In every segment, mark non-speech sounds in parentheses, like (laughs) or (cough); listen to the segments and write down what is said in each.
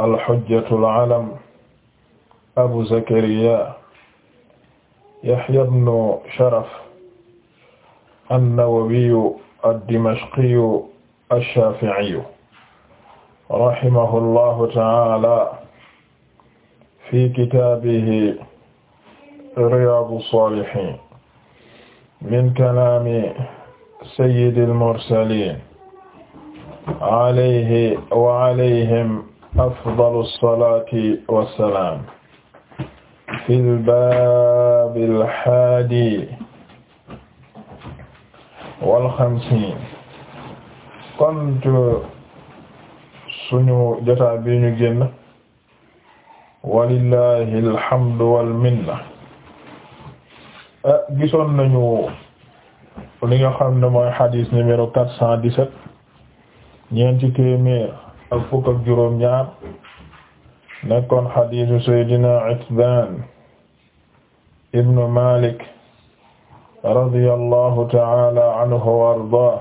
alxujjatul alam abu zakariya yahya bnu sharaf annawawiyu addimashqiyu ashaaficiyu rahimahu llahu taala fi kitaabihi riyaadu saalihiin min kalaami sayyidil mursaliin alayhi wa alayhim afdalu salaati wa salaam fil baabil haadi wal xamsiin kon suñu jotaa bi ñu génn walillahi alhamdu wal minna gisoon nañu li nga xam ne mooy hadis numéro quatre cent dix-sept ñeenti téeméer ak fukk ak juróom-ñaar nekkoon xadiisu saydina Itbaan ibnu Malik radiyallahu ta'ala anhu wa ardaah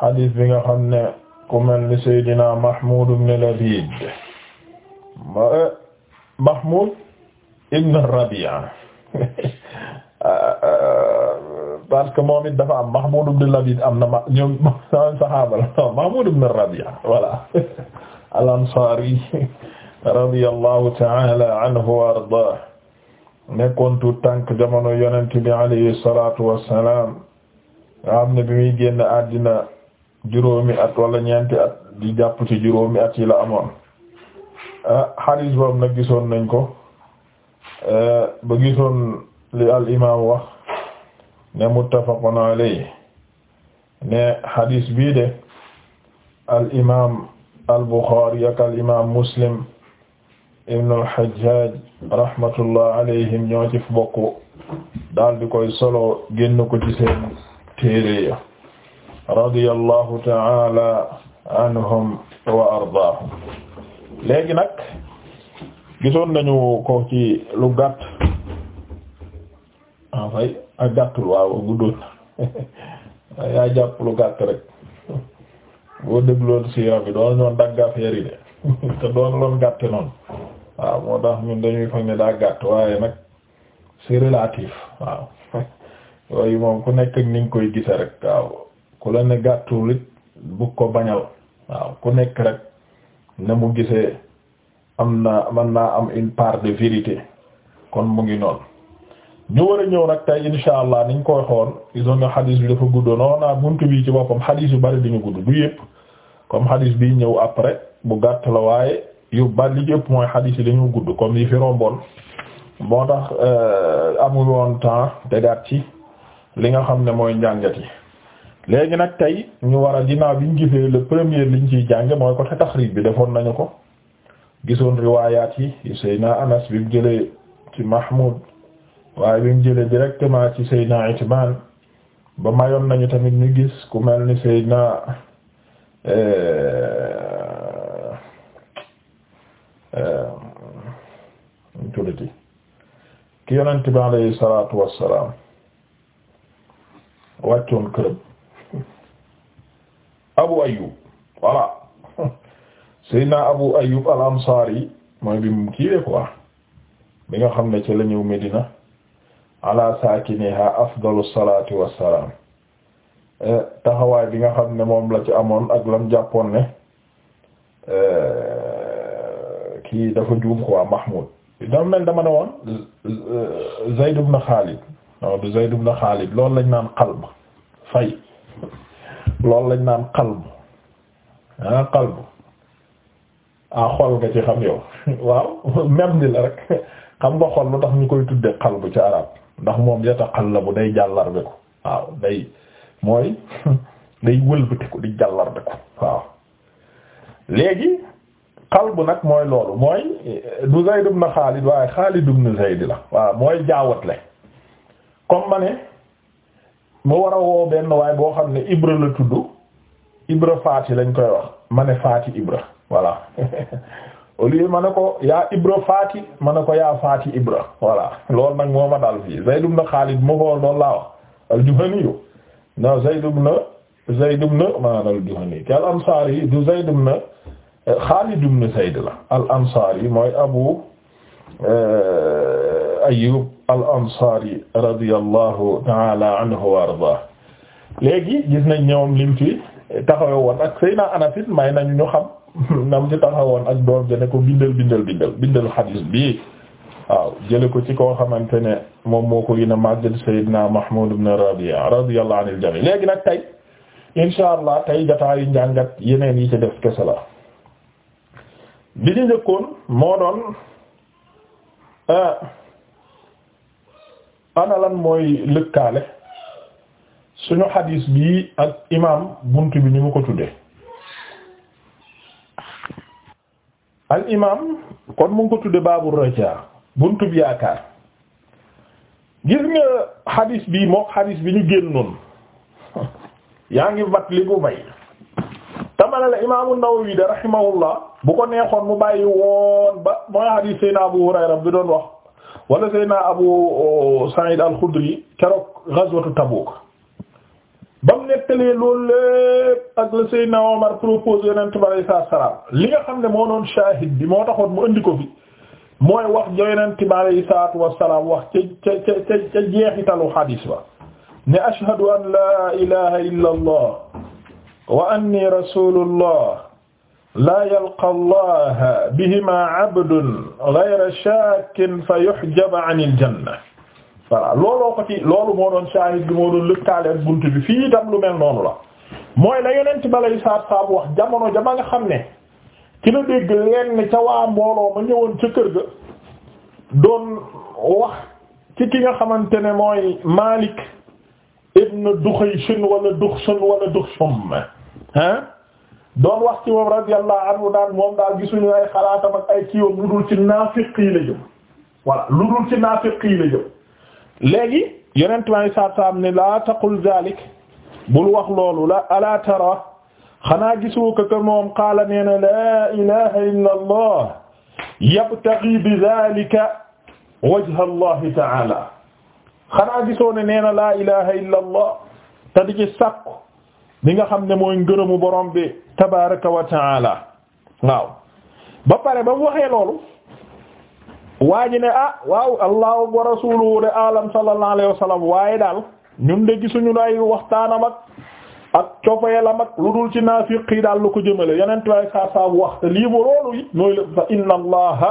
xadiis bi nga xam ne ku mel ni saydina Mahmud ibn Labiid eh, Mahmud ibn Rabi'a (laughs) ah, ah, ah. parce que moom it dafa am Mahmoud ibn Labid am na ma ñoom (laughs) saxaaba la Mahmoud ibn Rabi'a voilà (laughs) al-Ansari (laughs) radiyallahu ta'ala anhu wa ardaah nekkoon tuut tànk jamono yonent bi alayhi salaatu wa salaam nga xam ne bi muy génn àddina juróomi at wala ñeenti at di jàpp ci juróomi at yi la amoon ah, xadiis boobu nag gisoon nañ ko eh, ba gisoon li al imaam wax ne muttafaqun alayhi ne hadis bii de al imaam al buxaari ak al muslim ibn al hajjaj rahmatullah alayhim ñoo ci bokk koy solo génn ko ci seen téere ya radiyallahu ta'ala anhum wa ardaahum léegi nag gisoon nañu ko ci lu en fait ak gàttul waaw guddul (laughs) yaa jàpp lu gàtt rek boo dégloon siira bi doon ñoon dagg affaire yi de (laughs) te doon loon gàtte noonu waaw moo tax ñun dañuy foog ne daa gàtt waaye nag c'est relatif waaw (laughs) yooyu moom ku nekk ak ni nga koy gise rek waaw ku la ne gàttul it bu ko bañal waaw ku nekk rek ne mu gisee am na mën naa am une part de vérité kon mu ngi noonu ñu war a ñëw nag tey insha allah niñ koy xool gisoon nga xadis bi dafa guddoo noonu naa buntu bi ci boppam xadis yu bari ñu gudd bu yëpp comme xadis bi ñëw après bu gàtt la waaye yu bari li yëpp mooy xadis yi dañu gudd comme yi fi romboon moo tax euh, amul woon temps tegaat ci li nga xam ne mooy njàngat yi léegi nag tey ñu war a ginnaaw bi ñu gisee le premier liñ ciy jànge mooy tax taxrij bi defoon nañu ko gisoon riwaayaat yi Seydina Anas bi mu jëlee ci Mahmoud waaye bi mu jëlee directement ci Seydina Itbaan ba mayoon nañu tamit ñu gis ku mel ni Seydina ñu eh, eh, tuddati ki yonent bi alayhi salaatu wassalaam wàccoon kërëm Abu Ayyub voilà Seydina Abu Ayyub al-Ansaari mooy bi mu kiiwee quoi bi nga xam ne ci la ñëw Medina. ala saakiniha afdalu salaati wassalaam eh, taxawaay bi nga xam ne moom la ci amoon ak lam jàppoon ne eh, kii dafa juum quoi Mahmoud dam mel dama ne woon eh, Zayd ibn Khalid du Zayd ibn Khalid lañ naan qalb fay loolu lañ naan qalb ah, ah xol nga ci xam yow (laughs) waaw même (laughs) ni la rek (laughs) xam nga xol lu tax ñu koy tudde qalb ci arab ndax moom yataqallabu day jàllarbe ko waaw day mooy (laughs) day wëlbati ko di jàllarbe ko waaw léegi qalbu nag mooy loolu mooy eh, du Zayd ibn Xaalid waaye Xaalid ibn Zayd la waaw mooy jaawatle comme ma ne mu war a woo benn waaye boo xam ne Ibra la tudd Ibra Faati lañ koy wax ma ne Faati Ibra voilà (laughs) au lieu ma ko yaa Ibra faati ma ne ko yaa faati Ibra voilà loolu nag moo ma dal fii Zayd ibn Khalid ma ko loolu laa wax al no Zayd ibn Zayd ibn maanaam al-Juhani te du Zayd ibn Khalid ibn Zayd la al mooy Abu eh, Ayyub al-Ansari radiyallahu ta'ala anhu wa ardaah gis nañ ñoom lim taxawe woon ak Seyna Anas may nañu ñu xam (laughs) nam ci taxawoon ak doom ja ne ko bindal bindal bindal bindal xadiis bi waaw jële ko ci koo xamante ne moom moo ko gën a màggal Seydina Mahmoud ibn Rabi'a radiyallahu anil jami léegi nag tey insha allah tey jataayu njàngat yeneen yi ci def kese la bi ñu njëkkoon moo doon euh, ana mooy lëkkaale suñu xadiis bi ak imaam bunt bi ni mu ko tudde al imam kon mu ngi ko tudde babu raja buntub yaakaar gis nga xadis bi mook xadis bi ñu génnoon yaa ngi bat li bu bay tamana la imaamu Nawawi da rahimahullah bu ko neexoon mu bàyyi woon ba mooy xadis sayna Abu Hurayra bi doon wax wala sayna Abu oh, Sa'id al-Khudri keroog ghazwatu Tabuk ba mu nettalee loolu lépp ak Omar proposé yonent bi alayhi salaam li nga xam ne shahid bi moo taxoon ko fi mooy wax ja yonent bi alayhi salaatu wassalaam wax ca ca ca ca jeexitalu xadiis ba ne ashhadu an laa ilaha illa allah wa anni rasulullah laa yalqa allah bihima abdun ghayra shakkin fa yuhjab anil janna voilà looloo ko ci loolu moo doon shahid bi moo doon lëkkaale ak bunt bi fii itam lu mel noonu la mooy la yonent balay saab saab wax jamono dama nga xam ne ci la dégg lenn ca waa mbooloo ma ñëwoon ca kër ga doon wax ci ki nga xamante ne mooy Malik ibn Duxaysin wala Duxsun wala Duxsum ah doon wax ci moom radiyallahu anhu daan moom daal gisuñu ay xalaatam ak ay kiiwam lu dul ci naafiq la jëm voilà lu dul ci naafiq la jëm léegi yonent ma saat saam ne laa taqul zalik bul wax loolu la ala tara xanaa gisoo ko que moom qaala nee na laa ilaha illa allah yabtaghi bi zalika wajha allah taala xanaa gisoo ne nee na laa ilaha illa allah te di ci sàkku li nga xam ne mooy ngërëmu borom bi tabaraka wa taala waaw ba pare ba mu waxee loolu waa ji ne ah waaw allahu wa rasuluhu de alam sallallahu alayhi wa waaye daal ñun de gisuñu ay waxtaanam ak ak cofaelam ak lu dul ci naafiq yi daal lu ko jëmale yenent waay saa saa wax te lii ba loolu yi nooy la fa inna allaha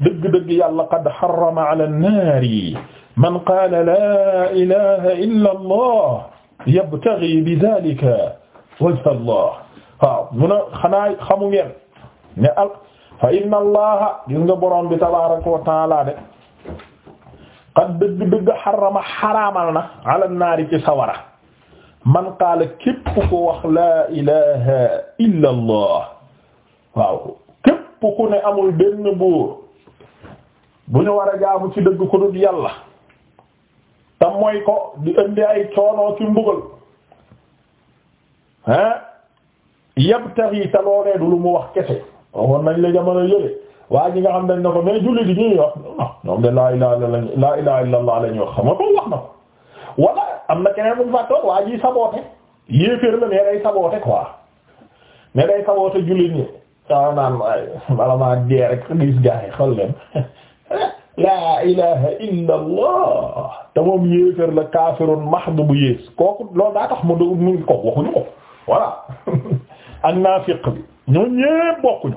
dëgg-dëgg yàlla qad harrama ala an-naari man qaala laa ilaha illa allah yabtaghi bi dhalika wajha allah waaw mun a xanaa xamu al fa inna allaha gis nga borom bi tabaaraka wa taala de qad dëgg dëgg xarama xaraamal na ala naari ci sawara man qaala képp wax laa ilaha illa allah waaw képp ku amul benn buur bu ñu war a ci dëgg ko dul yàlla te mooy ko di indi ay coonoo ci mbugal ah yabtaxi te loolee du lu mu wax kese waxoon nañ la jamono yële waa ji nga xam dañ ne ko mais julli di ñuy wax ah, ñoom de laa ilaha illa laa ilaha illa la ñuy wax xam nga wax na ko wala am na keneen buñ fàttoon waa ji saboote yéeféer la mais day saboote quoi mais day saboote julli ñi waaw maa dee rek gis gaa yi xool leen (laughs) laa ilaha illa allah te yéeféer la kaafirun mahd bu yées kooku loolu daa tax mu dugg mu ko waxuñu ko voilà (laughs) ak naafiq bi ñoo ñépp bokkuñu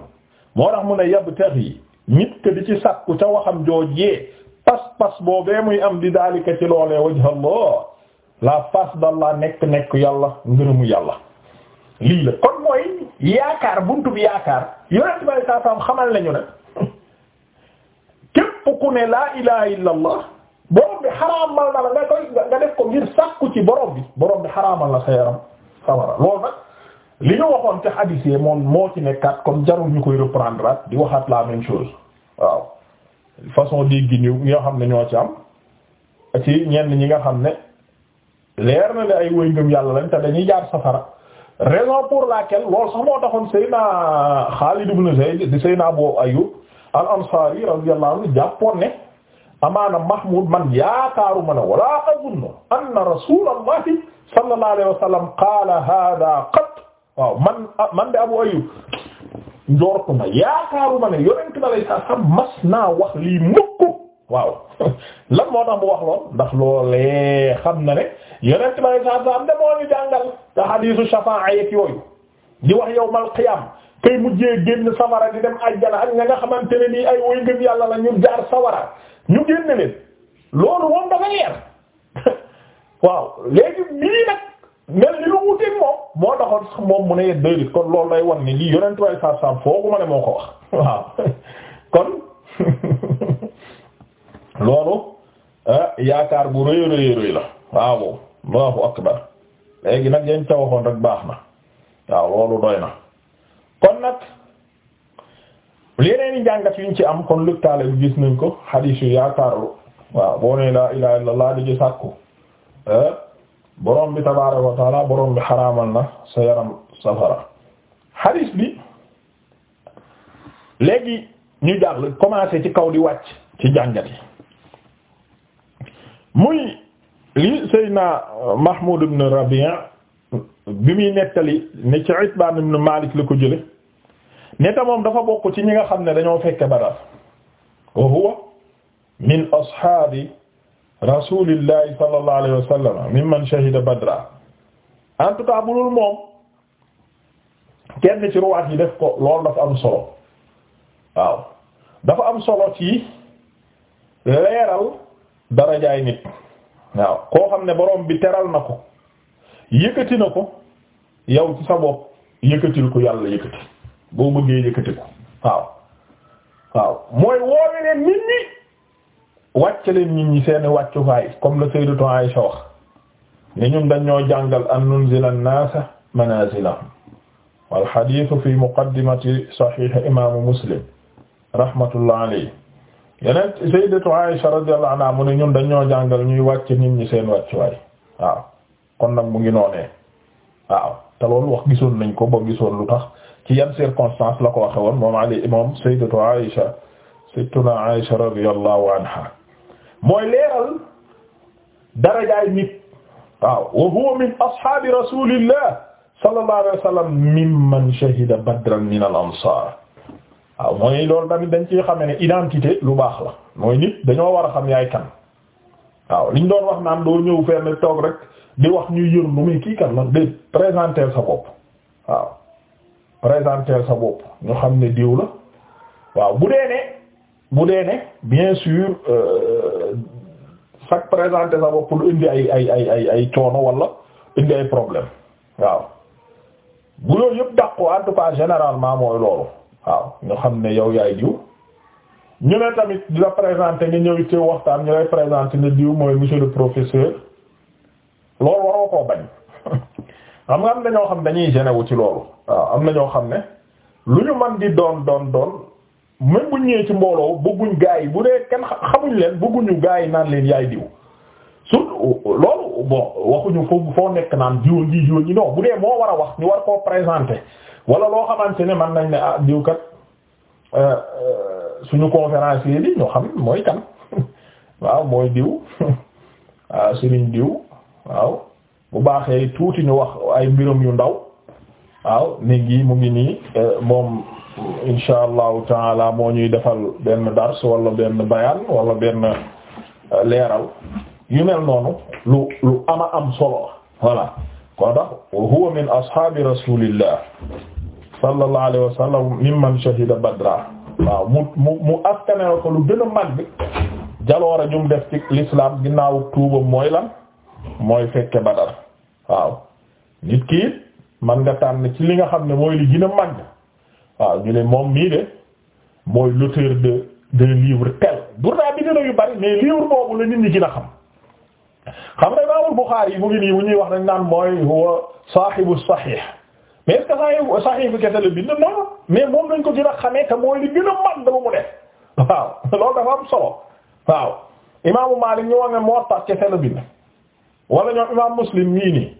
moo tax mu ne yabtaghi nit ke di ci sàkku ca waxam joojee pas-pas boobee muy am di daalika ci loolee la face d'Allah nekk-nekk yàlla ngërëmu yàlla lii la kon mooy yaakaar buntu bi yaakaar yonent bi saa saam xamal nañu ne képp ku ne laa ilaha illa allah borom bi xaraamal na la koy nga def ko ci borom bi borom bi sa yaram sawara loolu nag li ñu waxoon ci hadith moom moo ci nekkaat comme jarul ñu koy reprendre at di waxaat la même chose waaw façon dégg ñu ñoo xam ne ñoo ci am ci ñenn ñi nga xam ne leer na ne ay woy yàlla lañ te dañuy jaar safara raison pour laquelle loolu sax moo taxoon Seydina Xaalid ibn Zayd di Seydina Abu Ayyub al-Ansari radiyallahu anhu jàppoon ne amaana Mahmoud man yaakaaruma ne wala azunnu anna rasulallahi sallallahu alayhi wa sallam qat waaw man ah, man de Abu Ayyub njoortuma yaakaaruma ne yonent bi alayhi salaam mas naa wax lii mukk waaw (laughs) lan moo tax mu wax lool ndax loolee xam na ne yonent bi alayhi salaam de moo ñu jàngal te hadiisu shafaa'a yeeg yooyu di wax yawmal qiyaam kay mujjee génn sawara di dem ajjana ak nga nga xamante ne nii ay woy ngëm yàlla la ñu jaar sawara ñu génn leen loolu moom dafa leer (laughs) waaw léegi bii nag. mel ni lu wuteeg moom moo taxoon moom mu ne yet doylit kon loolu lay wan ni lii yonent way sar sam foogu ma ne moo ko wax (laughs) waaw kon (laughs) loolu ah, yaakaar bu rëy rëy rëy la waaw Allahu akbar léegi nag yañ ca waxoon rek baax na waaw loolu doy na kon nag yeneen i njàngat yuñ ci am kon lëkkaale bi gis nañ ko xadiis yu yaakaarlu waaw boo ne laa ilaaha illallaah di ci sàkku ah, borom bi tabaaraka wa taala borom bi xaraamal na sa yaram safara xadiis bi léegi ñu jàll commencé ci kaw di wàcc ci jàngat yi muy li Seydina Mahmoud ibn Rabi'a bi muy nettali ne ci Itbaan ibn Maalik la ko jële netta moom dafa bokk ci ñi nga xam ne dañoo fekke Badar wa huwa min ashaabi rasulillahi sallallahu alayhi wa sallam mimman shahida badra en tout cas bu dul moom kenn ci ruwaat yi def ko loolu dafa am solo waaw dafa am solo ci leeral darajaay nit waaw koo xam ne borom bi teral na ko yëkkati na ko yow ci sa bopp yëkkatil ko yàlla yëkkati boo bëggee yëkkati ko waaw waaw mooy woowe leen nit ñi wàcc leen ni ñi seen wàccuwaay comme le sayyidatu Aisha wax ni ñun dañoo jàngal an nunzila an-naasa manaazilahum wal hadiisu fi muqaddimati sahiih imaamu Muslim rahmatullah la yeneen sayyidatu Aisha radiyallahu anha mu ne ñun dañoo jàngal ñuy wàcc nit ñi seen wàccuwaay waaw kon nag mu ngi noonee waaw te loolu wax gisoon nañ ko ba gisoon lu tax ci yan circonstance la ko waxe woon moom Ali moom sayyidatu Aisha sayyidatu Aisha radiyallahu anha mooy leeral darajaay nit waaw wa huwa min ashaabi rasulillah sallallahu alayhi wa sallam mimman shahida badran min al ansar waaw mooy loolu tamit dañ ci xamee ne identité lu baax la mooy nit dañoo war a xam yaay kan waaw liñ doon wax naan doo ñëw fenn toog rek di wax ñuy yër lu muy kii kan la de présenter sa bopp waaw présenter sa bopp ñu xam ne diw waaw bu dee ne bu dee ne bien sûr euh, chaque présenté sa bopp lu indi ay ay ay ay ay coono wala indi ay problème waaw bu yooyu yëpp dàqu en tout généralement mooy loolu waaw ñu xam ne yow yaay diw ñu ne tamit di la présenter nga ñëw ci waxtaan ñu lay présenter ne diw mooy monsieur le professeur loolu waroo koo bañ (laughs) xam nga am na ñoo xam dañuy gêné wu ci loolu waaw am na ñoo xam ne lu ñu man di doon doon doon même bu ñëwee ci mbooloo bëgguñ gaa yi bu dee kenn xamuñ leen bëgguñu gaa yi naan leen yaay diw surtout loolu bon waxuñu foo foo nekk naan diwa ngi diwa ngi non bu dee moo war a wax ñu war koo présenter wala loo xamante ne man nañ ne ah diw kat euh, euh, suñu conférencier bi ñoo xam mooy kan (laughs) waaw mooy diw waaw (laughs) ah, sëriñ diw waaw bu baaxee tuuti ñu wax ay mbiram yu ndaw waaw nit ngi mu ngi nii euh, moom insha allahu taala moo ñuy defal benn dars wala benn bayaan wala benn euh, leeral yu mel noonu lu lu ama am solo voilà kon tax wa huwa min ashaabi rasulillah sallallahu alayhi mimman shahida badra waaw mu mu mu askanel ko lu gën a mag jaloora ñu def ci l'islam ginnaaw tuubam mooy lan mooy fekke badar waaw nit ki man nga tànn ci li nga xam ne mooy li gën a waaw ñu ne moom mii de mooy l'auteur de d'un livre tel journal bi dina yu bari mais livre boobu la nit ñi gën a xam xam nga Imaamul Buxaari mu ngi nii bu ñuy wax dañ naan mooy huwa saahibu sahih mais est bi kese la bind moom lañ ko gën a xamee te mooy li gën a mag dama mu def waaw loolu dafa am solo waaw Imaamu Maalik ñu wax ne moo tax kese la wala ñoom Imaam Muslim mii nii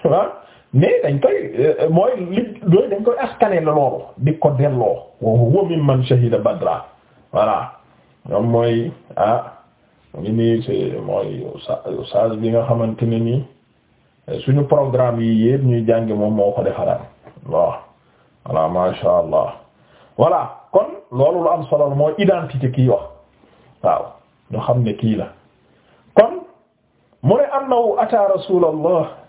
(laughs) mais dañ koy euh, euh, mooy li doy dañ koy askane loolu di ko delloo wa mimman shahida badra voilà ñoom mooy a ah, ngi nii c'est mooy sage bi nga xamante ne nii suñu programme yi yépp ñuy jànge moom moo ko defaraat waaw voilà masha allah voilà kon loolu lu am solo mooy identité kii wax waaw ñu xam ne kii la kon mu ne annahu ata rasulullah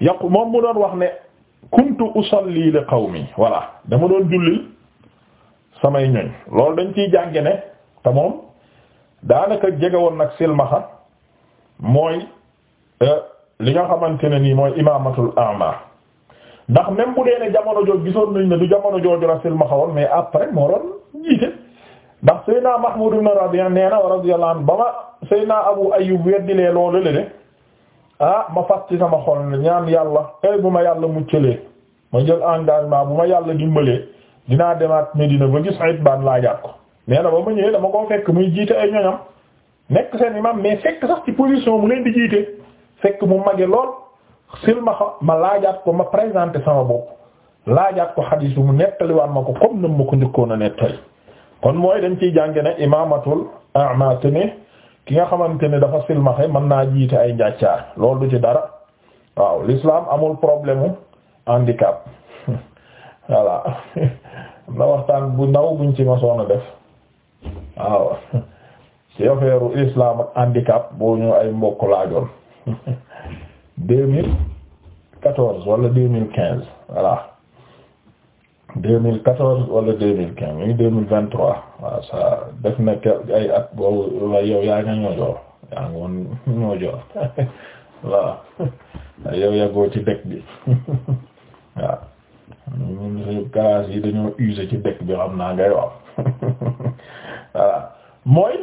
yaqu moom mu doon wax ne kuntu usalli li qawmi voilà dama doon jullil samay ñoñ loolu dañ ciy jànge ne te moom daanaka jege woon nag silmaxa mooy euh, li nga xamante ne nii mooy imaamatul ama ndax même bu dee ne jamono jooju gisoon nañ ne du jamono jooju la silmaxa woon mais après moo doon jiite ndax Seydina Mahmoud ibn Rabi' nee na radiyallahu anhu ba ma Seydina Abu Ayyub weddilee loolu le de ah ma fas ci sama xol ne ñaan yàlla tey bu ma yàlla muccalee ma jël engagement bu ma yàlla dimbalee dinaa demaat Medina ba gis Itbaan laajaat ko nee na ba ma ñëwee dama koo fekk muy jiite ay ñoñam nekk seen imam mais fekk sax ci position mu leen di jiite fekk mu mage lool silmaxa ma laajaat ko ma présenté sama bopp laajaat ko xadiis bi mu nettaliwaat ma ko comme nam ma ko njëkkoon a nettali kon mooy dañ ciy jànge ne imaamatul a'ma ki nga xamante ne dafa silmaxe mën naa jiite ay njàccaar loolu du ci dara waaw l'islam amul problème u handicap (laughs) (laughs) am na waxtaan bu ndaw buñ ci masoon a def waaw (laughs) ci affaire lislaam ak handicap boo ñu ay mbokk laajoon deux mille quatorze wala deux mille quinze voilà 2014 wala 2015 muy 2023 waaw ça def na ay at boobu yaa nga ñoo yaa ngi woon ñoo joor waaw (laughs) (laughs) yow yàggoo ci dëkk bi (laughs) waaw ñun suñu galaas yi dañoo usé ci dëkk bi xam naa ngay wax voilà mooy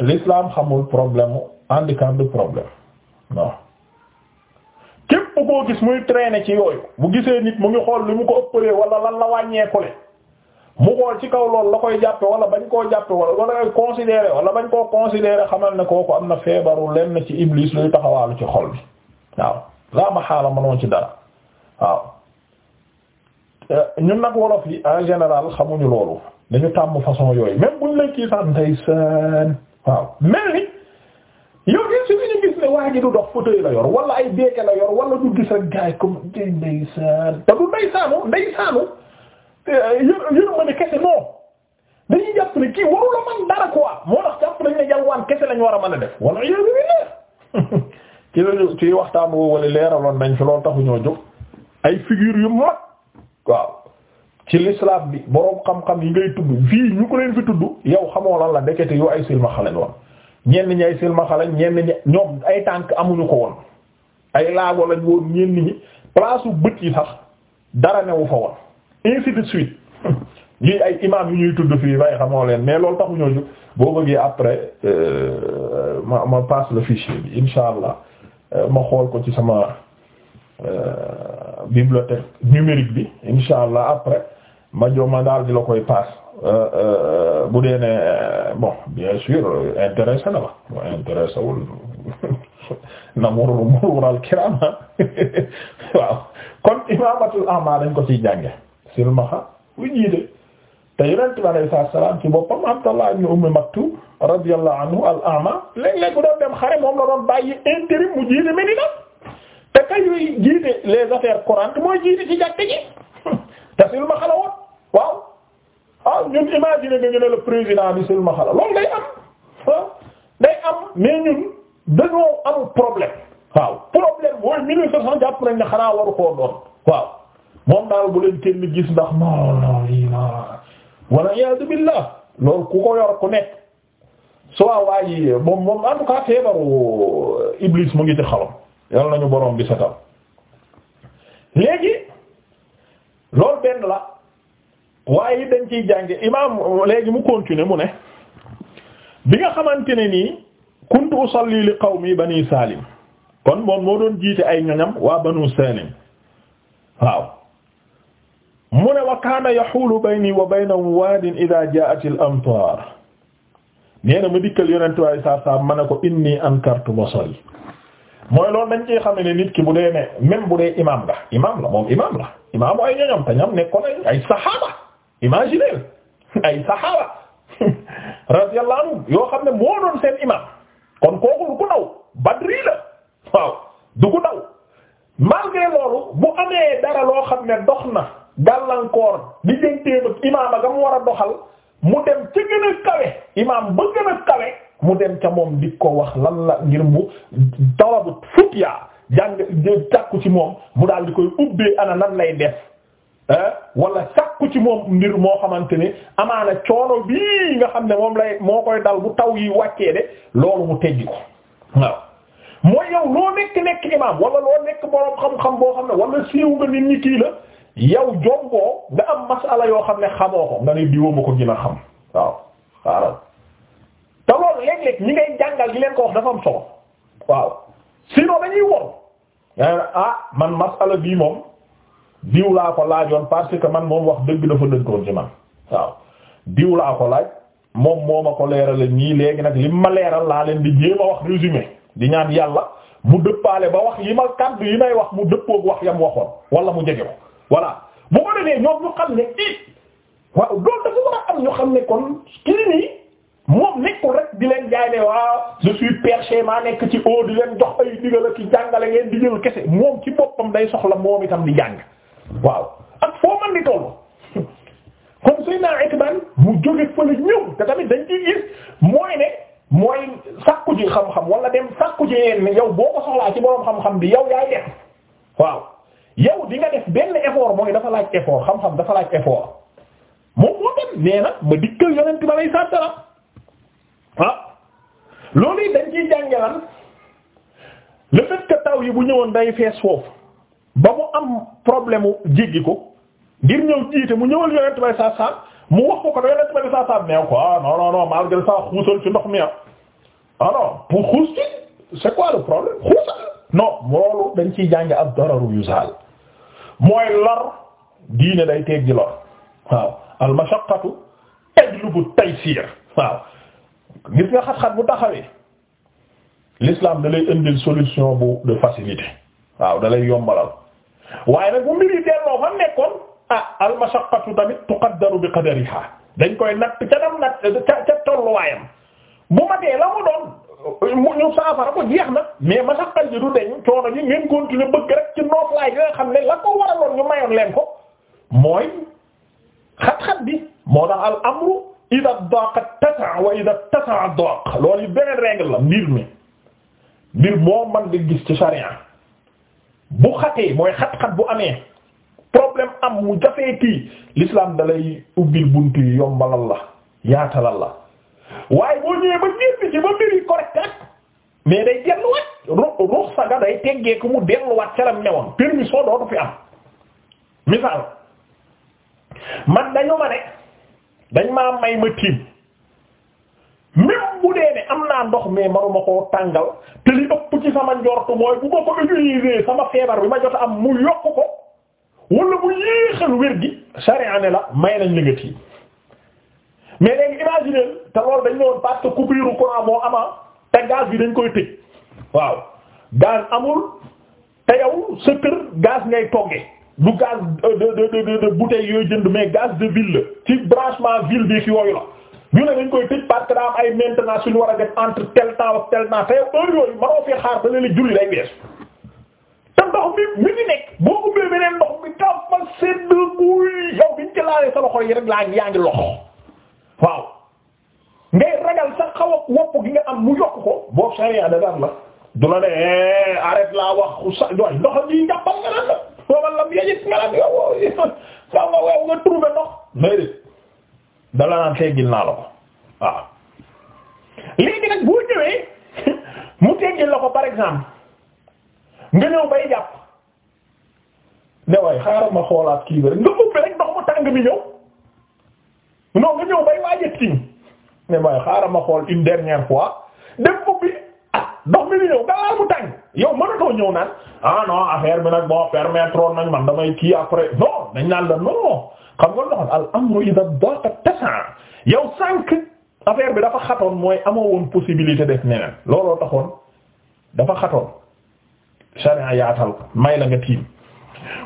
l'islam xamul problème handicap du problème non. képp koo gis muy traîner ci yooyu mu gisee nit mu ngi xool li mu ko ëppalee wala lan la wàññeekule mu xool ci kaw lool la koy jàppe wala bañ koo jàppe wala wala koy considérer wala bañ koo considérer xamal ne kooku am na feebaru lenn ci iblis luy taxawaalu ci xool bi waaw laa ma xaala mënoon ci dara waaw ñun nag wolof yi en général xamuñu loolu dañu tàmm façon yooyu même buñ lay kii sax ndeysaan waaw mel ni yow ne waa ji du dox fauteuil la yor wala ay béykat la yor wala du gis gaay gars yi comme tey ndeysaan te du ndeysaanu ndeysaanu yërma ne kese non dañuy jàpp ne kii waru la man dara quoi moo tax jàpp nañ ne yalwaan kese lañ war a mën def wala yéen a ngi (laughs) ci lañu ci waxtaan woo wala leeraloon nañ fi loolu taxu ñoo jóg ay figure yu mag waaw ci l'islam bi boroom xam-xam yi ngay tudd fii ñu ko leen fi tudd yow xamoo lan la ndekete yoo ay silmaxa lañ ñenn ñi ay silmaxa lañ ñenn ñi ñoom ay tànk amuñu ko woon ay laago lañ woon ñenn ñi place bët yi sax dara newu fa woon ainsi de suite ñuy (laughs) ay imam yu ñuy tudd fii waaye xamoo leen mais loolu taxuñoo jóg boo bëggee après euh, ma ma passe la fichier bi insha allah euh, ma xool ko ci sama euh, bibliothèque numérique bi insha allah après ma jox daal di la koy passe Euh, euh, bu dee ne euh, bon bien sûr intéressé na ba intéressé wul (laughs) na mururu murural kirama ah. (laughs) waaw kon imamatul ama dañ ko ciy jànge silmaxa bu jiite te yonent bi alayhi salaatu salaam ci boppam Abdallah ibn Umm Maktum radiyallahu anhu al ama léeg-léeg doon dem xare moom la doon bàyyi intérim mu jiite Medina te kay yooyu jiite les affaires courantes mooy jiite ci jàkka ji (laughs) te silmaxa la woon waaw ah ñun imaginer nga ñu ne le président bi seulement xala loolu day am ah, day am mais ñun dañoo am problème waaw problème mooy mille soixante jàpp nañ ne xanaa waru koo doon waaw moom daal bu leen kenn gis ndax non non lii non wala moom moom en tout feebaru euh, Iblis mu ngi ci xalam yàlla nañu borom bi setal léegi loolu benn la. waaye it dañ ciy imaam léegi mu continuer mu ne bi nga xamante ne nii kuntu usalli li qawmi bani Salim kon moom moo doon jiite ay ñoñam waa banu Salim waaw mu ne wa kaana yaxuulu bayni wa baynahum waadin idaa jaa'at al amtaar nee na ma dikkal yonent waaye saa saa ma ne ko inni ankartu basari mooy loolu dañ ci xam ne nit ki bu dee ne même bu dee imaam la imaam la moom imaam la imaamu ay ñoñam ay saxaaba imaginez ay saxaaba radiyallahu yoo xam ne moo seen imam kon kooku du ku ndaw badri la waaw du ku ndaw malgré loolu bu amee dara loo xam ne dox na gàllankoor di jënteem ak imaam ak mu war a doxal mu dem ca gën kawe imaam ba kawe mu dem ca moom di ko wax lan la ngir mu talabut futiya jàng jàkku ci moom mu daal di koy ubbee ana nan lay def Eh? wala sàkku ci moom mbir moo xamante ne amaana coono bii nga xam ne moom lay moo koy dal bu taw yi wàccee de loolu mu teggi ko waaw mooy yow loo nekk nekk imaam wala loo nekk boroom xam-xam boo xam ne wala siiw nga nit ñi kii la yow jomboo nga am masala yoo xam ne xamoo ko nga ne diwa ma ko gën xam waaw te loolu léeg-léeg ñi ngay jàngal gi leen ko wax dafa am solo waaw sinon dañuy wor ah man masala bii moom. diw laa ko laajoon parce que man moom wax dëgg dafa dënkoon ci man waaw diw laa ko laaj moom moo ma ko leerale ñii léegi nag li ma leeral laa leen di jéem a wax résumé di ñaan yàlla mu dëppaale ba wax yi ma kàddu yi may wax mu dëppoog wax yam waxoon wala mu jege ko voilà bu ko defee ñoom ñu xam ne it waaw loolu dafa war a am ñu xam ne kon kii nii moom nekkul rek di leen jaay ne waaw je suis perché maa nekk ci haut di leen jox ay digal ak ci jàngale ngeen di jël kese moom day soxla moom itam di jàng waaw ak foo man di tollu kon suy naa Itbaan mu jóge fële ñëw te tamit dañ ciy gis mooy ne mooy sakku ji xam-xam wala dem sakku ji yenn yow boo ko soxlaa ci boroom xam-xam bi yow yaay def waaw yow di nga def benn effort mooy dafa laaj effort xam-xam dafa laaj effort moom moo dem nee na ma dikkal yonent ba lay sàttala ah loolu dañ ciy jàngalan le fait que taw yi bu ñëwoon day fees foofu. ba mu am problème mu jéggi ko ngir ñëw jiite mu ñëwal yonent bay saa saa mu wax ko ko yonent bay saa saa neew ko ah non non non malgré xuusal ci ndox mi ah, ah pour xuus ci c'est loolu dañ ciy jàng ab dararu yuzaal mooy lor diine day teggi lor waaw al mashaqqatu tajlubu taysir waaw gis nga xat-xat bu taxawee l'islam da indil solution bu de facilité waaw da lay yombalal. waaye nag bu mbiri delloo fa nekkoon ah al mashaqqatu tamit tuqaddaru bi qadariha dañ koy natt ca dam natt ca ca tolluwaayam bu matee la mu i mu ñu saafara ko jeex na mais mashaqqa ji du deñ coono ji ngeen continuer bëgg rek ci nooflaay yi nga xam ne la ko waraloon ñu mayoon leen ko mooy xat-xat bi moo tax al amru ida daqa tasa wa ida tasa daq loolu beneen règle la mbir mi mbir moo man di gis ci sharia bu xatee mooy xat-xat bu amee problème am mu jafee kii l'islam dalay ubbi bunt yi yombalal la yaatalal la waaye boo ñëwee ba ñépp ci ba mbiri correct rek mais day delluwaat ru ruux sa nga day teggeeku mu delluwaat ca la newoon permission dootu fi am misaal man dañu ma ne dañ maa may ma tiim même bu dee ne am naa ndox mais manuma koo tàngal te li ëpp ci sama njort mooy bu ko ko utiliser sama feebar bi ma jot am mu yokk ko wala mu yéexal wér gi sharia ne la may nañ la nga mais léegi imaginer te loolu dañ ñëwoon parce que coupure courant moo ama ah te gaz bi dañ koy tëj waaw gaz amul te yow sa kër gaz ngay togge du gaz de de de de bouteille yooyu jënd mais gaz de ville ci branchement ville bi fi yooyu la ñu ne dañ koy tëj parce que daa am ay maintenance suñu war a def entre tel temps ak tel temps tey heure yooyu mënoo fi xaar ba léegi julli day wees te ndox mi mi ngi nekk boo ubbee beneen ndox mi dafa sedd buy yow biñ ci laalee sa loxo yi rek laa ngi yaa ngi loxo waaw ngay ragal sa xaw a wopp gi nga am mu yokk ko boo sariya da daan la du la ne eh, arrête laa wax sa doy ndox mi njàppal nga naan la booba lam yejit nga naan yow yow nga trouvé ndox mais dala naan teggil naa la ko waaw léegi nag boo ñëwee (laughs) mu teggil la ko par exemple nga ñëw bay jàpp ne waaye xaaral ma xoolaat kii bi rek nga ubbi rek ndox mu tàng mi ñëw non nga ñëw bay waaje ne waaye xaaral ma xool une dernière fois ndox mi di ñëw galaar mu tàng yow mënatoo ñëw naan ah non affaire bi nag bon permettre nañ man damay kii après non dañ naan la non xam nga loxo al amru idha daqa yow sànq affaire bi dafa xatoon mooy amoo woon possibilité def neneen looloo taxoon dafa xatoon sharia yaatal may la nga tiim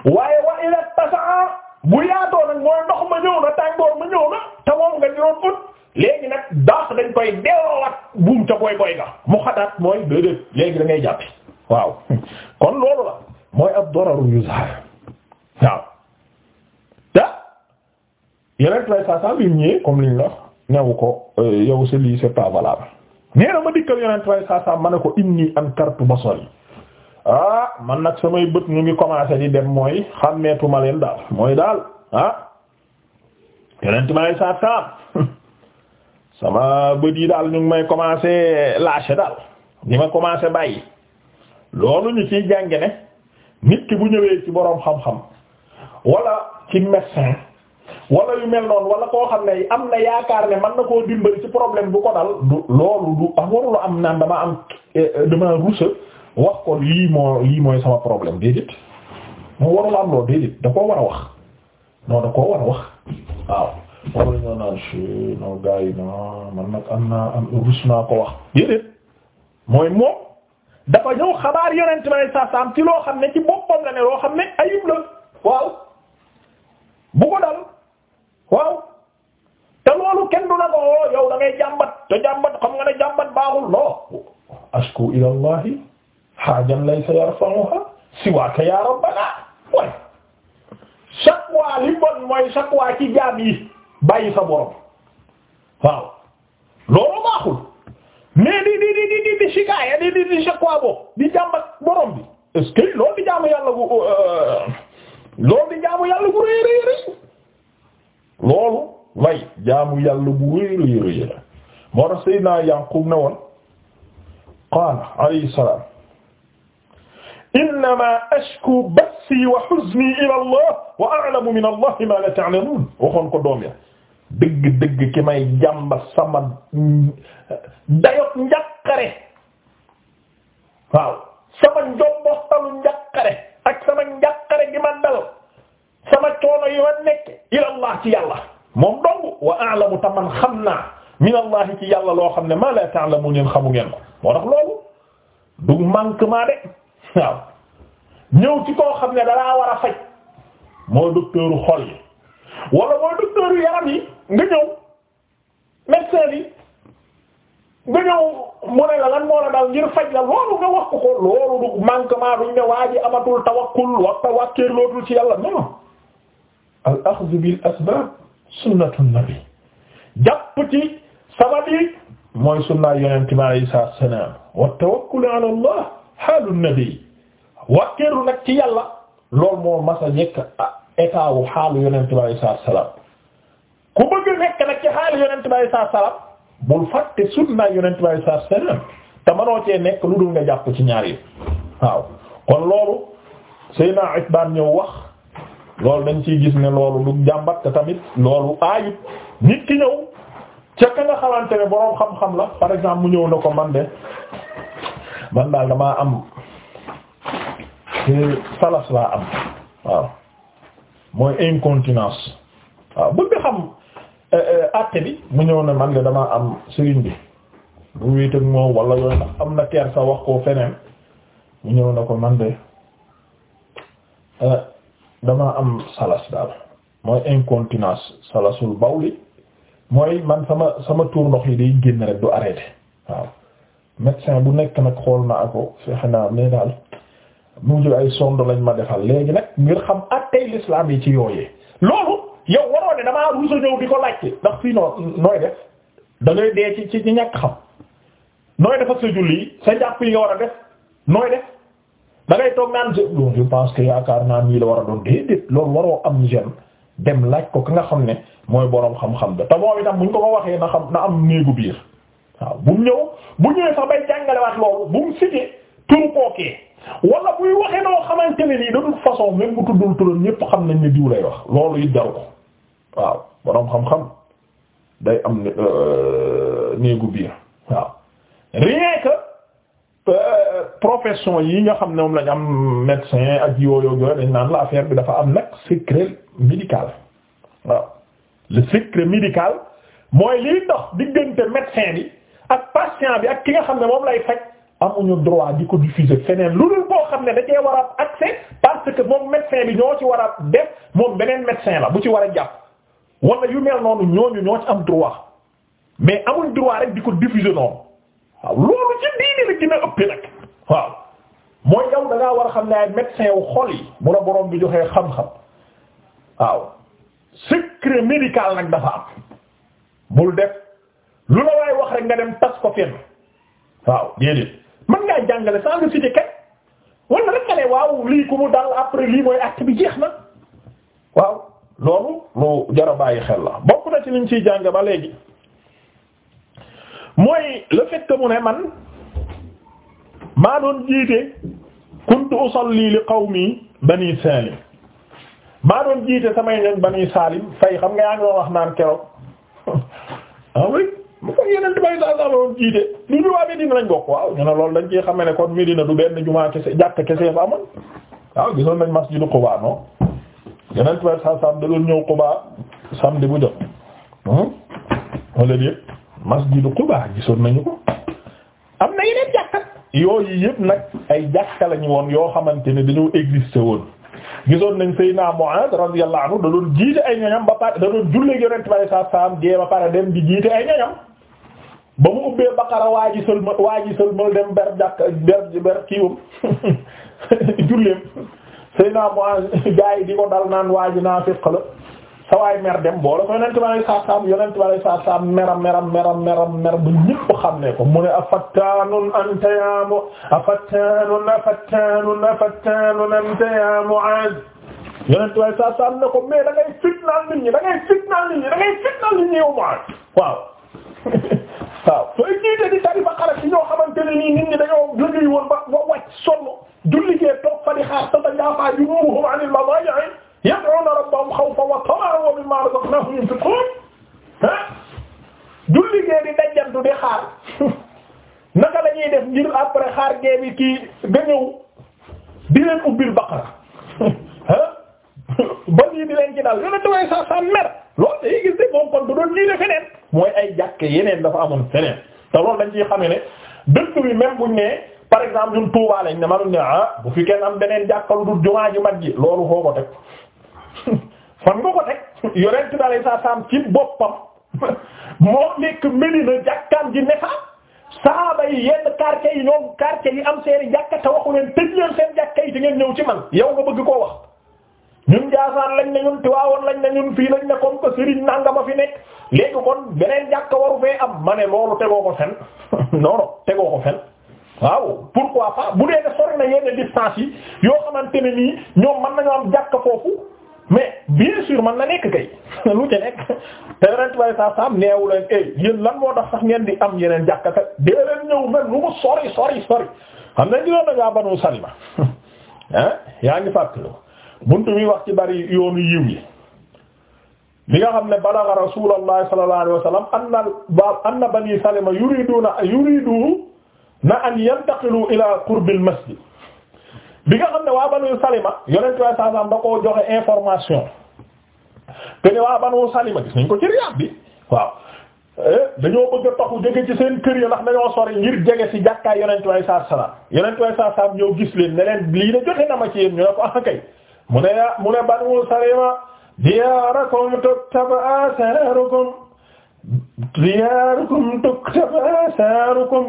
waaye wa idha tasaa bu yaatoo nag mooy ndox ma ñëw na tàngoor ma ñëw léegi nag daax dañ koy delloowaat buum ca boy boy ga mu xadaat mooy déedéet léegi da ngay jàppi waaw (laughs) kon loolu la mooy ab dararu yuzhar waaw yu ñëwee comme liñ la newu ko euh, yow sa lii c'est pas valable nee na ma lay saa saa ma ne ko inni ankartu basari ah man nag samay bët ñu ngi commencé di dem mooy xàmmeetuma leen daal mooy daal ah yeneen lay saa saa sama bët yi daal ñu may commencer lâcher daal ñi ma commencer bàyyi loolu ñu ciy jànge ne nit ki bu ñëwee ci boroom xam-xam wala ci médecin wala yu mel noonu wala koo xam ne am na yaakaar ne mën na koo dimbali ci problème bu ko dal du loolu du am ah, warula am naan dama am eh, eh, dama rusa wax ko lii moo lii mooy sama problème déedéet moo warula am loolu déedéet da koo war a wax non da koo war a wax waaw wala ñoo naan si non gars yi am naa ko wax déedéet mooy moom dafa ñëw xabaar yonent bi saa saam ci loo xam ne ci boppam la ne xam ne ayib la waaw bu ko dal waaw te loolu kenn na ko oh, yow da ngay jàmbat te jàmbat nga ne jàmbat baaxul non asku ila allahi haajan mooy chaque fois ci bàyyi sa borom waaw loolu baaxul mais di di di di di shikaaya di di di shakwa bo di jàmbat borom bi est-ce que loolu di jaamu yàlla gu euh, loolu di jaamu yàlla gu rëy rëy rëy loolu way jaamu yàlla bu rëy rëy rëy la moo tax Seydina Yaqub ne woon qaala alayhi salaam innama ashku bassi wa huzni ila Allah wa a'lamu min Allah ma la ta'lamun waxoon ko doom ya dëgg-dëgg ki may jàmba sama mm, dayot njàqare waaw sama njomboxtalu njàqare ak sama njàqare gi ma dal sama coono yi ma nekk ilallah ci yàlla moom dong wa a'lamu taman xam naa min allah ci yàlla loo xam ne ma la ta'lamun yéen xamu ngeen ko moo tax loolu du manquement de waaw ñëw ci koo ne dalaa war a moo docteuru xol wala moo docteuru yaram nga ñëw médecin mu ne la lan moo la ngir faj loolu nga wax ko loolu du manquement duñ ne waa ji amatul tawakkul wa tawakkil lootul ci yàlla non al axdu bil asbaab sunnatu nabi jàpp ci sabab mooy sunna yonent bi alayhi salaatu wa salaam wa tawakkul allah xaalu nabi wakkeeru nag ci yàlla loolu moo mas a nekk ah, état wu xaalu yonent bi alayhi salaatu wa ku bëgg nekk nag ci xaali yonent bi alayhi salaatu salaam bul fàtte sunna yonent bi alayhi salaatu salaam te manoo cee nekk lu dul nga jàpp ci ñaar yi waaw kon loolu Seydina Itbaan ñëw wax loolu dañ ciy gis ne loolu lu jàmbat tamit loolu aayut nit ki ñëw ca ka nga xamante ne boroom xam-xam la par exemple mu ñëw na ko man de man daal damaa am salas euh, laa am waaw mooy incontinence waaw bëgg xam Euh, euh, àtte bi mu ñëw ne man de damaa am sëriñ bi bu wéet ak moom wala yooyu ndax am na keer sa wax koo feneen mu ñëw ne ko man de euh, damaa am salas daal mooy incontinence salasul bawli mooy man sama sama tuur ndox yi di génn rek du arrêté waaw médecin bu nekk nag xool na ako fexe naa ne daal mu jël ay sonde lañ ma defal léegi nag ngir xam àttey l'islam yi ci yooyee loolu yow waroo ne damaa rusa ñëw di ko laajte ndax fii noonu nooy def da ngay dee ci ci ci ñàkk xam nooy def ak sa julli sa jàpp yi nga war a def nooy def da ngay toog naan je bon je pense que yaakaar naa nii la war a doon déedéet loolu waroo am gene dem laaj ko ki nga xam ne mooy boroom xam-xam da te moom itam buñ ko ko waxee na xam na am néegu biir waaw bu mu ñëw bu ñëwee sax bay jàngalewaat loolu bu mu cité turu kookee wala buy waxee noo xamante ne nii de façon même bu tuddul turam ñépp xam nañ ne diw lay wax loolu it jaru ko waaw boroom xam-xam day am euh, néegu biir waaw rien que euh, profession yi nga xam ne moom lañ am médecin ak yooyo yooyu naan la affaire bi dafa am nag secret médical waaw le secret médical mooy liy dox diggante médecin bi ak patient bi ak ki nga xam ne moom lay faj. amuñu droit di ko diffuser feneen lu dul boo xam ne da war a accès parce que moom médecin bi ñoo ci war a def moom beneen médecin la bu ci war a jàpp wala yu mel noonu ñooñu ñoo ci am droit mais amuñ droit rek di ko diffuser noonu waaw loolu ci diini la gën a ëppee nag waaw mooy yow da war a xam ne ay médecin wu xol yi mu la borom bi joxee xam-xam waaw secret médical nag dafa am bul def lu la waay wax rek nga dem tas ko fenn waaw déedéet. mën ngaa jàngale sans nga cité kat wala rek nga waaw lii ku mu dal après lii mooy acte bi jeex na waaw loolu lu jar xel la bokk na ci liñ ciy jàng ba léegi mooy le fait que mu ne man maa doon jiite kuntu lii li qawmi bani salim maa doon jiite samay ñoñ bani salim fay xam nga yaa ngi wax naan keroog (laughs) ah mu ko yeneen tubaab yi daal daal jiite lu ñu waa Medina lañ bokk waaw ñu ne loolu dañ ciy xamee ne kon Medina du benn jumaa kese jàkk kese fa amoon waaw gisoon nañ masjidu Quba non yeneen tubaab yi sax sam da doon ñëw Quba samedi bu jot. Hmm? wala lépp masjidu Quba gisoon nañu ko am na yeneen jàkka yooyu yëpp nag ay jàkka lañu woon yoo xamante ni dañoo existé woon. gisoon nañ Seydina Mu'adh radiyallahu anhu da doon jiite ay ñoñam ba pare da doon jullee ak yeneen tubaab yi sax sam ba pare dem di jiite ay ñoñam. ba mu ubbee baqara waa ji sëlmal waa ji sëlmal dem ber jàkk ber ber kiiwam (laughs) julleem sëy naa mu gaa yi di ko dal naan waa ji naa féq la sa waay mer dem boole ko yonent balay saa saam yonent balay saa saam ne ko mu ne afattaanun anta yaa ñi da ngay fitnaal nit ñi da ngay fitnaal waaw (laughs) waaw sooy jiite di tari baqara ci ñoo xamante ne nii nit ñi dañoo julli woon ba ba wàcc sonn julligee toog fa di xaar tatajaafaa junuubuhum anil madaaji'i yad'uuna rabbahum xawfan wa tama'an wa mimmaa razaqnaahum yunfiquun ah julligee di dajjantu di xaar (laughs) naka la def ngir après xaar gee bi kii nga di leen ubbil baqara ah (laughs) (laughs) ba nii di leen dal yonent way sa mer. loolu dañuy gis ne moom kon bu doon ñuy feneen mooy ay jàkke yeneen dafa amoon feneen te loolu dañ ciy xamee ne dëkk bi même buñ ne par exemple ñun Touba lañ ne ma ne ah bu fi kenn am beneen jàkkalu dul jumaa ju mag ji loolu foo ko teg (laughs) fan nga ko teg yorenti daal di saam ci boppam (laughs) moo nekk Medina jàkkaam ji ne fa saaba yi yenn quartier yi ñoom quartier yi am seeni jàkka te waxu leen tëj leen seen jàkka yi te ngeen ñëw ci man yow nga bëgg koo wax. ñun Njaasaan lañ ne ñun Tiwaawoon lañ ne ñun fii lañ ne comme que Serigne nangama fi nekk léegi kon beneen jàkka waru fee am ma ne loolu tegoo ko fen (laughs) non tegoo ko fen waaw pourquoi pas bu dee ne sori na yenn distance yi yoo xamante ne nii ñoom mën nañoo am jàkka foofu mais bien sûr man na nekk kay (laughs) lu ci nekk te ren tubaab saa saam neewu leen eh yéen lan moo tax sax ngeen di am yeneen jàkka te dee leen ñëw mel lu mu sori sori xam nañ di doon da ngaa Banu Salima (laughs) ah yaa ngi fàttaliku. buntu bi wax ci bari yoonu yiw yi li nga xam ne bala rasulullah sallallahu alayhi wa sallam anna anna bani salima yuriduna yuriduna an yantaqilu ila qurbil masjid bi nga xam ne waa banu salima yonentu waaye saa saam da koo joxe information te ne waa banu salima gis nañ ko ci riyaat bi waaw eh, dañoo bëgg a taxu jóge ci seen kër yi ndax dañoo sori ngir jege ci jàkkaay yonentu waaye saa salaam yonentu waaye saa gis leen ne leen lii ne joxe na ma ci yéen ñu ne ko ah mu ne yaa ah, mu ne banu salima diyaarukum tuktaba asaarukum diyaarukum tuktaba asaarukum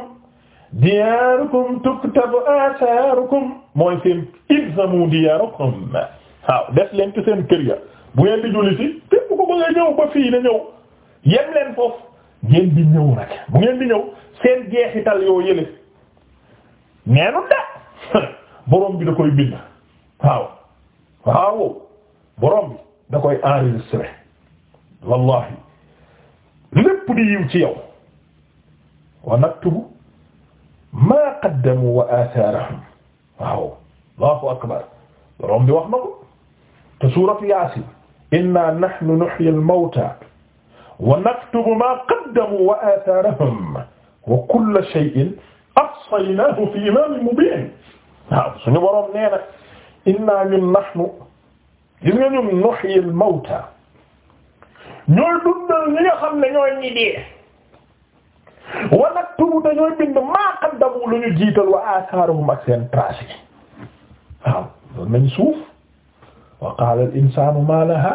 diyaarukum tuktaba asaarukum mooy seen ilzamu diyaarukum waaw def leen ci seen kër bu ngeen di julli ci képp ko ba fii na ñëw yem ngeen di ñëw nag bu ngeen di ñëw seen jeexital yoo yële neenu da (laughs) borom bi da koy bind waaw borom bi da koy enregistré wallahi lépp di yiw ci yow wa naktubu maa qaddamu wa athaarahum waaw allahu akbar borom bi wax na ko te suuratu yaasin inna nahnu nuhyi al-mawta wa naktubu maa qaddamu wa athaarahum wa kulla shay'in ahsaynaahu fi imaamin mubiin waaw suñu borom nee na inna ñun nahnu gis nga ñun nuhyil mawta ñooy dundal ñi nga xam ne ñooy ñi dee wa naktubu dañooy bind maa qaddamu lu ñu jiital wa atharuhum ak seen trace yi waaw doon nañ suuf wa qala al insanu ma laha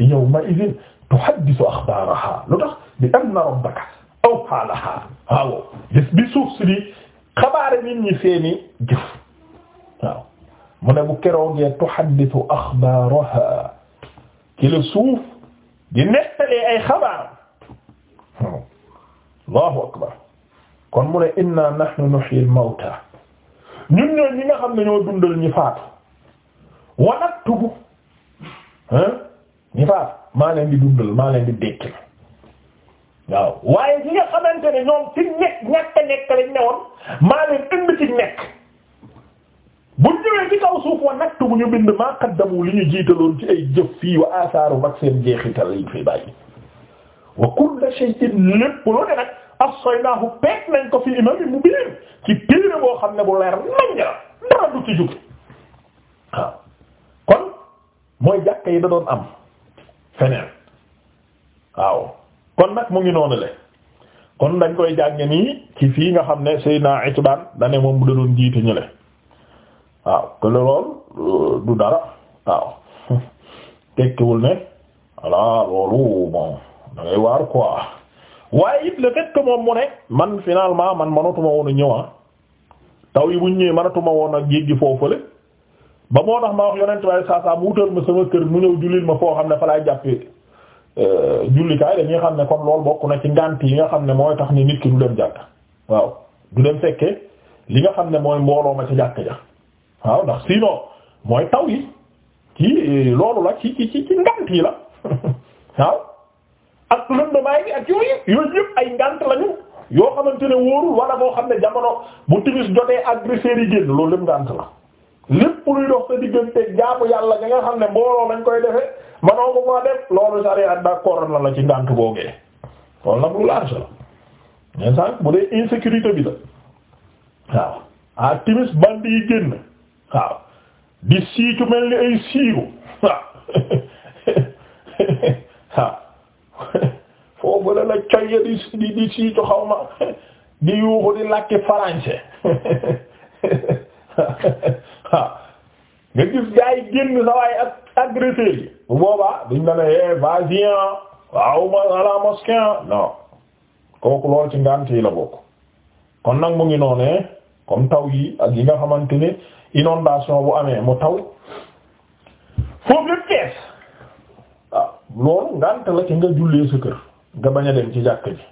yawma idhin tuhaddisu akhbaraha lu tax bi anna rabbaka awha laha waaw gis bi suuf si di xabaare nit ñi seeni jëf waaw mu ne bu keroogee tuhaddithu axbaaraha ki la suuf di nettalee ay xabaar allahu akbar kon mu ne inna nahnu nuhyil mawta ñun ñooy ñi nga xam ne ñoo dundal ñi faatu wa naktubu ñi faatu maa leen di dundal maa leen di dekkil waaw waaye ñi nga xamante ne ñoom ci nekk ñàkk nekk lañ newoon maa leen ënd ci nekk bu ñëwee ci kaw suuf wa naktubu ñu bind maa qaddamu li ñu jiitaloon ci ay jëf fii wa asaaru mag seen jeexital yi fi bàyyi wa ko fi ne bu leer nañ kon mooy jàkka yi da doon am feneen waaw kon nag mu ngi noonu le kon dañ koy jànge nii ci fii nga xam ne Seydina Itbaan da ne moom bu da doon jiite ñu le waaw que loolu euh, du dara waaw (laughs) tekkiwul ne voilà loolu bon da waar quoi waaye it le fait que moom mu ne man finalement man manatuma woon a ñëwaat ah. taw yi bu ñu ñëwee manatuma woon a jéggi foofule ba moo tax ma wax yonent waaye saa saa mu wutal ma sama kër mu ñëw jullil ma foo xam ne fa laay jàppee euh, jullikaay dañuy xam ne kon loolu bokk na ci ngànt yi nga xam ne mooy tax ni nit ki du dem jàkk waaw du dem fekkee li nga xam ne mooy mbooloo ma ci jàkk waaw ndax sinon mooy taw yi ci eh, loolu la ci ci ci ngant yi la (laughs) waaw ak lëndamaay bi ak yooyu yooyu yëpp ay ngant lañu yoo xamante ne wóorul wala boo xam ne jamono bu timis jotee agresseurs yi génn loolu lépp ngant la lépp luy dox sa diggante jaamu yàlla nga nga xam ne mbooloo lañ koy defee manoo ko maa def loolu sariya d'accord na la ci ngant boogee loolu nag lu large la mais sànq bu dee insécurité bi la waaw ah timis bandi yi génn waaw di siicu mel ni ay siiru waaw waaw foofu la la coyya di di siicu xaw ma di yuuxu di làkki français waaw nga gis gaa génn sa waaye ak agresseur yi bu boobaa duñ la ne eh vas-y ah. waaw ma à la ah. kooku lool ci ngànt yi la bokk kon nag mu ngi noonee comme taw yi ak yi nga xamante ni inondation bu amee mu taw foofu lépp kees waaw ah, loolu ngànt la ci nga jullee sa kër nga bañ a dem ci jàkk ji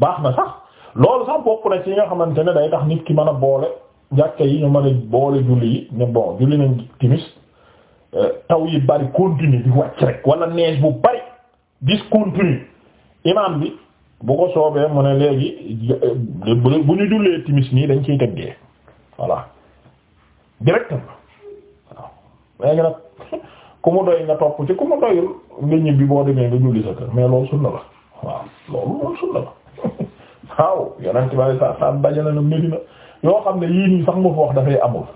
baax na sax loolu sax bokk na ci nga xamante ne day tax nit ki man a boole jàkka yi ñu mën a boole julli yi ne bon julli nañ timis euh, taw yi bari continue di wàcc rek wala neige bu bari discontinue imam bi bu ko soobee mu ne léegi euh, bu ñu jullee timis nii dañ koy teggee voilà directement waaw léegi nag (laughs) ku mu doy nga topp ci ku doyul nga ñibbi boo demee nga julli sa kër mais loolu sunna la waaw loolu loolu sunna la (laughs) waaw yoo xam ne yii nii sax mu wax dafay amul